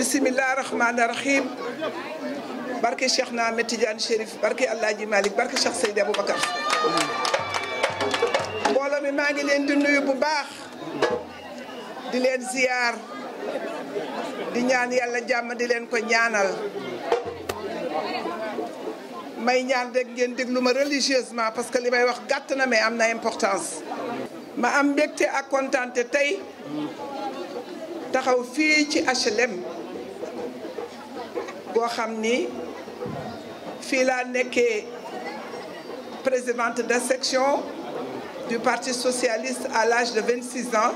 bisimilah rahmaani rahim barke Cheikh na Ahmed Tidiane Chérif barke El Hadji Malick barke Cheikh Seydi Aboubacar. mbooloo mi maa ngi leen di bu baax di leen ziyaar di ñaan yàlla jàmm di leen ko ñaanal may ñaan rek ngeen déglu ma religieusement parce que li may wax gàtt na mais am na importance. ma am mbégte ak kontaante tey taxaw fii ci HLM. boo xam ni fii laa nekkee présidente de section du parti socialiste à l'âge de 26 ans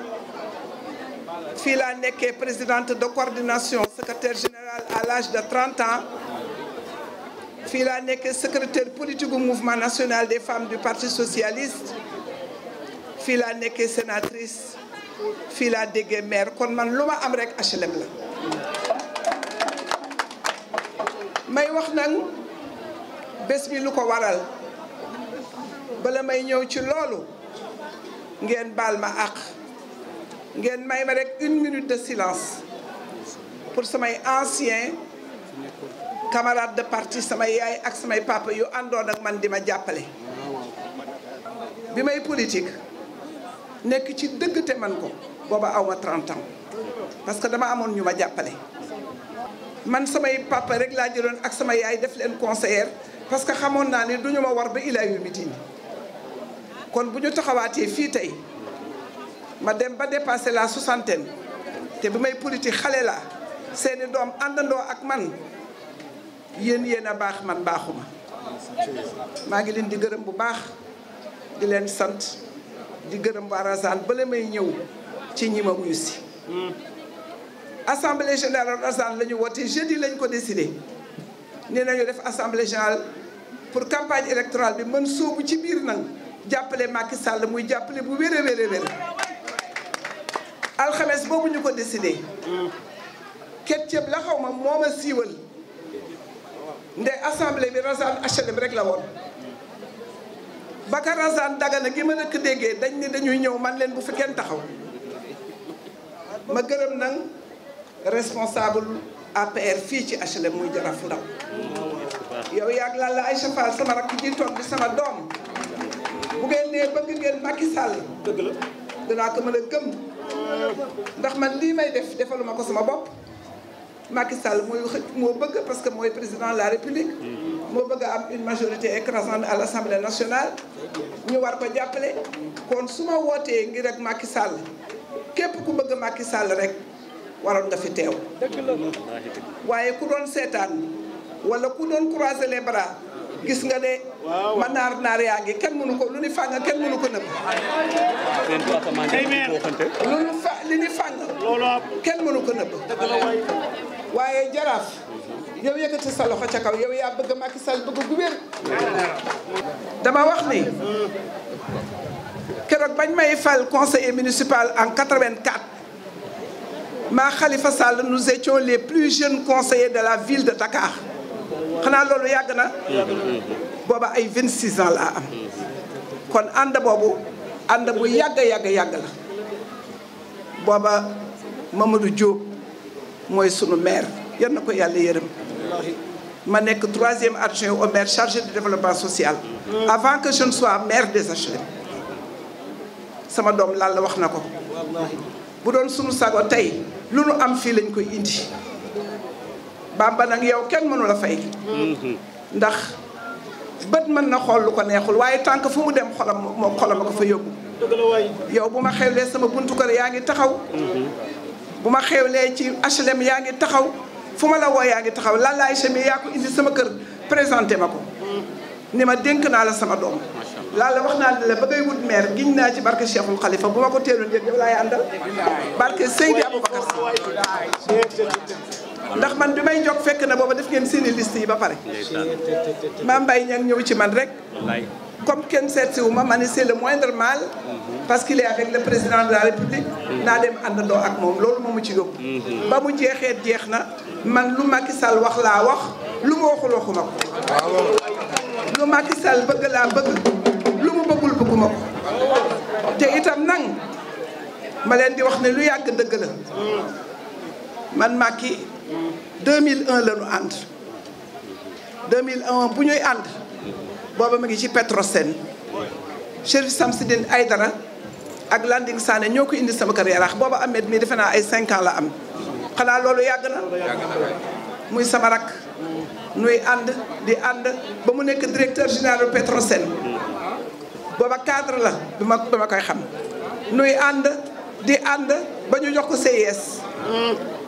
fii laa nekkee présidente de coordination secrétaire général à l'âge de 30 ans fii laa nekkee secrétaire politique du mouvement national des femmes du parti socialiste fii laa nekkee sénatrice fii laa déggee maire kon man lu am rek HLM la may wax nag bés bi lu ko waral bala may ñëw ci loolu ngeen baal ma àq ngeen may ma rek une minute de silence pour samay anciens camarades de parti sama yaay ak samay papa yu àndoon ak man di ma jàppale bi may politique nekk ci dëgg te man ko booba aw ma ans parce que dama amoon ñu ma jàppale man samay papa rek laa jëloon ak sama yaay def leen conseillère parce que xamoon naa ne du ñu ma war ba ilaa yu mitin kon bu ñu taxawaatee fii tey ma dem ba dépassé la soixantaine te bi may politique xale laa seeni doom àndandoo ak man yéen yéen a baax man baaxuma maa ngi leen di gërëm bu baax di leen sant di gërëm waa Rasane bala may ñëw ci ñi ma wuyu assemblée générale rasane la ñu woote jeudi lañ ko décidé nee nañu def assemblée générale pour campagne électorale bi mën soobu ci biir nag jàppale Macky sàll muy jàppale bu wér a alxames boobu ñu ko décidé ket ceeb la xaw ma moom ma siiwal nde assemblée bi rasane HLM rek la woon baka rasane dagana gi ma nëkk déggee dañ ne dañuy ñëw man leen bu fi kenn taxaw ma gërëm nag responsable APR fii ci HLM muy Jaraaf Ndaw yow yaag lan la Aïcha Fall sama rakk ji toog di sama doom bu nee bëgg ngeen Macky Sall dëgg la danaa ko mën a gëm ndax man lii may def defaluma ko sama bopp Macky Sall mooy xëcc moo bëgg parce que mooy président la République moo bëgg a am une majorité écrasante à l'Assemblée nationale ñu war ko jàppale kon su ma wootee ngir ak Macky Sall képp ku bëgg màkki Sall rek waroon nga fi teew waaye ku doon seetaan wala ku doon croiser les bras gis nga de ma naar naar yaa ngi kenn mënu ko lu ni fàng kenn ko nëbb lu li ni fàng kenn mënu ko nëbb waaye jaraaf yow yëkkati sa loxo ca kaw yow yaa bëgg Macky Sall bëgg gu wér dama wax ni mm. keroog bañ may fal conseiller municipal en 84 maa Khalifa Sall nous étions les plus jeunes conseillers de la ville de Dakar xanaa loolu yàgg na booba ay vingt six ans laa am kon ànd boobu ànd bu yàgg yàgg yàgg la booba Mamadou Diop mooy sunu maire yal na ko yàlla yërëm ma nekk troisième adjoint au maire chargé du développement social avant que je ne sois maire des HLM sama doom lan wax na ko bu doon sunu sago tey lu nu am fii lañ koy indi Bàmba nag yow kenn mënu la fay mhm. ndax bët mën na xool lu ko neexul waaye tànk fu mu dem xolam moom xolam ko fa yóbbu yow bu ma xewlee sama buntu kër yaa ngi taxaw mhm. bu ma xewlee ci HLM yaa ngi taxaw fu ma la woo yaa ngi taxaw Lalla Aïcha H&M mi yaa ko indi sama kër présenté ma ko mhm. ni ma dénk naa la sama doom laala wax naa ne la ba ngay wut maire giñ naa ci barke Cheikhul Khalifa bu ma ko teelul yéen yow laay àndal barke Seydi Aboubacar ndax man bi may jóg fekk na booba def ngeen seeni liste yi ba pare maa mbay ña ñëw ci man rek comme kenn seet si wu ma ma ne c'est le moindre mal parce que est avec le président de la république naa dem àndandoo ak moom loolu moo mu ci yóbbu ba mu jeexee jeex na man lu Macky Sall wax laa wax lu ma waxul waxuma ko lu Macky Sall bëgg laa bëggul bëgguma ko itam nang ma leen di wax ne lu yàgg dëgg la man Macky 2001 la ñu ànd 2001 bu ñuy ànd booba ma ngi ci Petrosen Chérif Samsidine dara ak Landing Sané ñoo ko indi sama kër yaraax booba Ahmed mi defe naa ay 5 la am xanaa loolu yàgg na muy sama rak nuy ànd di ànd ba mu nekk directeur général Petrosen booba cadre la bi ma bi ma koy xam nuy ànd di ànd ba ñu jox ko CIS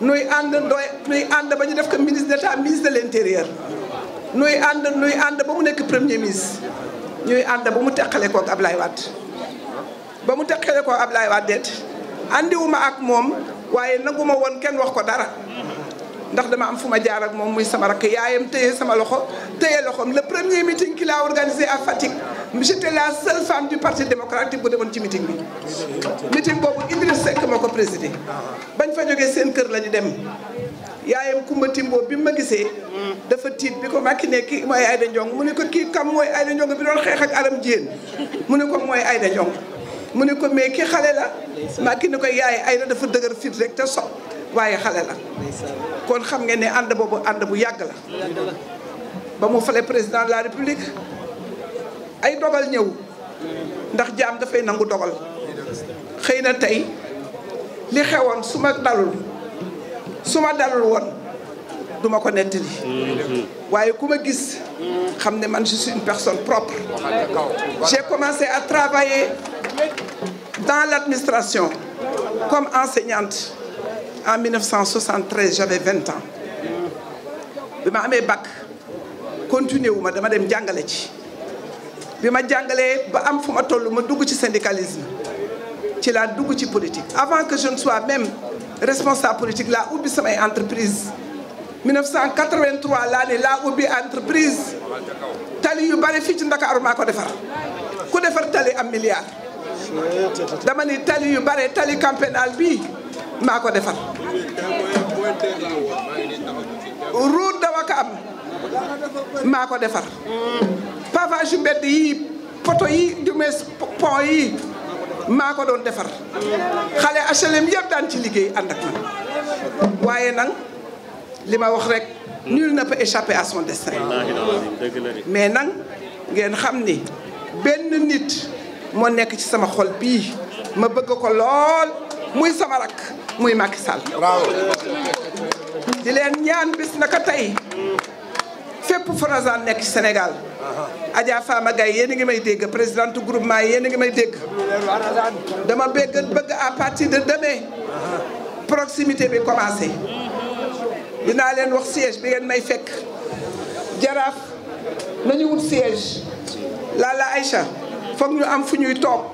nuy ànd dooy nuy ànd ba ñu def ko ministre d'état ministre de l'intérieur nuy ànd nuy ànd ba mu nekk premier ministre ñuy ànd ba mu teqale koog Ablaye Wade ba mu teqale koog Ablaye Wade deet àndiwuma ak moom waaye nanguma woon kenn wax ko dara ndax dama am fu ma jaar ak moom muy sama rakk yaayam téye sama loxo téye loxoom le premier meeting qu'il a organisé à Fatick j'étais la seule femme du parti démocratique bu demoon ci meeting bi meeting boobu Idriss Seck moo ko présidé bañ fa jógee seen kër la ñu dem yaayam Kumba Timbo bi ma gisee dafa tiit bi ko màkki ne kii mooy Aïda Ndiong mu ne ko kii kam mooy Aïda Ndiong bi doon xeex ak aram jiyéen mu ne ko mooy Aïda Ndiong mu ne ko mais ki xale la màkki ne ko yaay Aïda dafa dëgër fit rek te waaye xale la kon xam nga ne ànd boobu ànd bu yàgg la ba mu fale président de la république ay dogal ñëw ndax jaam dafay nangu dogal xëy na tey li xewoon su ma dalul su ma dalul woon duma ma ko nettali waaye ku ma gis xam ne man je personne propre j'ai commencé à travailler dans l'administration comme enseignante en 1973 j'avais vingt ans bi ma amee bac continué wu ma dama dem jàngale ci bi ma jàngalee ba am fu ma toll ma dugg ci syndicalisme ci la dugg ci politique avant que je ne sois même responsable politique laa ubbi samay entreprise 1983 laa ne laa ubbi entreprise tali yu bari fii ci Ndakaaru maa ko defar ku defar tali am milliard dama ni tali yu bare tali campenal bi maa ko defar route de Ouakam maa ko defar pavage yu mbedd yi poto yi du mees yi maa ko doon defar xale HLM yëpp daan ci liggéey ànd ak man waaye nag li ma wax rek nul ne peut échapper à son destin mais nag ngeen xam ni benn nit moo nekk ci sama xol bii ma bëgg ko lool muy sama rakk muy Macky Sall di leen ñaan bis naka tey fépp Forozane nekk ci Sénégal Adja Fama gay yéen a ngi may dégg présidente groupement yéen a ngi may dégg dama bëgg bëgg à partir de demain proximité bi commencé dinaa leen wax siège bi ngeen may fekk jaraaf nañu wut siège ay Aïcha foog ñu am fu ñuy toog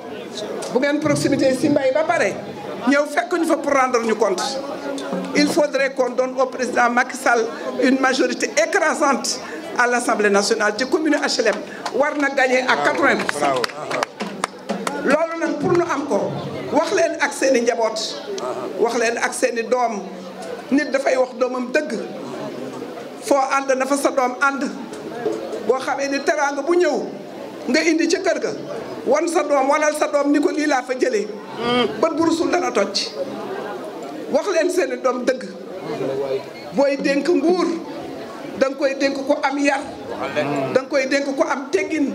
bu ngeen proximité si mbay ba pare ñëw fekk ñu fa pour rendre ñu compte il faudrait qu'on doon au président Macky Sall une majorité écrasante à l'Assemblée nationale ci commune HLM war na gagné ak 80 pour cent loolu nag pour nu am ko wax leen ak seeni njaboot wax leen ak seeni doom nit dafay wax doomam dëgg foo ànd na fa sa doom ànd boo xamee ni teraanga bu ñëw nga indi ca kër ga wan sa doom wanal sa doom ni ko lii laa fa jëlee bët bu rusul dana toj wax leen seeni doom dëgg booy dénk nguur da koy dénk ko am yar da koy dénk ko am teggin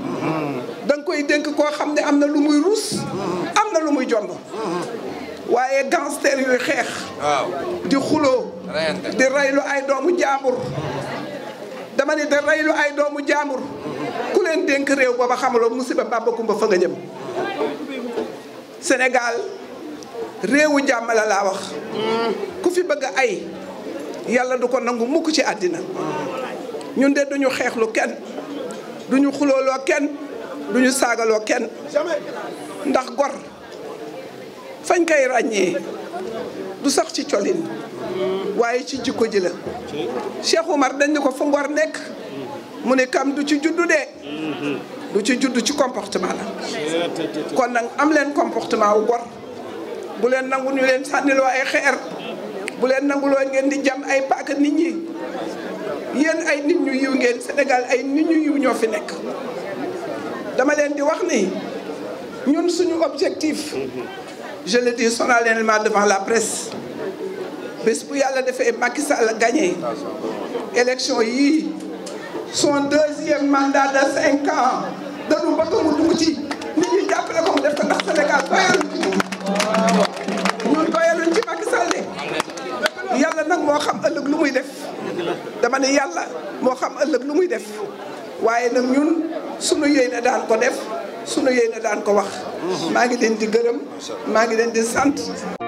da koy dénk koo xam ne am na lu muy ruus am na lu muy jomb waaye gangster yuy xeex di xuloo di raylu ay doomu jaambur dama ne di raylu ay doomu jaambur ku leen dénk réew booba xamuloo musiba Bàmba Kumba fa nga jëm Sénégal réewu jàmm la laa wax ku fi bëgg ay yàlla du ko nangu mukk ci àddina ñun de duñu xeexlu kenn duñu xulooloo kenn duñu saagaloo kenn ndax gor fañ koy ràññee du sax ci colin waaye ci jikko ji la Cheikh Oumar dañ ne ko fa ngor nekk mu ne kam du ci juddu de du ci juddu ci comportement la kon nag am leen comportement wu gor bu leen nangu ñu leen sànniloo ay xeer bu leen nanguloo ngeen di jam ay paaka nit ñi yéen ay nit ñu yiw ngeen Sénégal ay nit ñu yiw ñoo fi nekk dama leen di wax ni ñun suñu objectif je le dis devant la presse bés bu yàlla defee Macky Sall gagné élection yii son deuxième mandat de cinq ans dañu bëgg mu dugg ci nit ñi jàppale ko mu def ko ndax Sénégal doyaluñ ci moom ñun ci Macky Sall yàlla nag moo xam ëllëg lu muy def dama ne yàlla moo xam ëllëg lu muy def waaye nag ñun sunu yéene daan ko def sunu yéene daan ko wax maa ngi leen di gërëm maa ngi leen di sant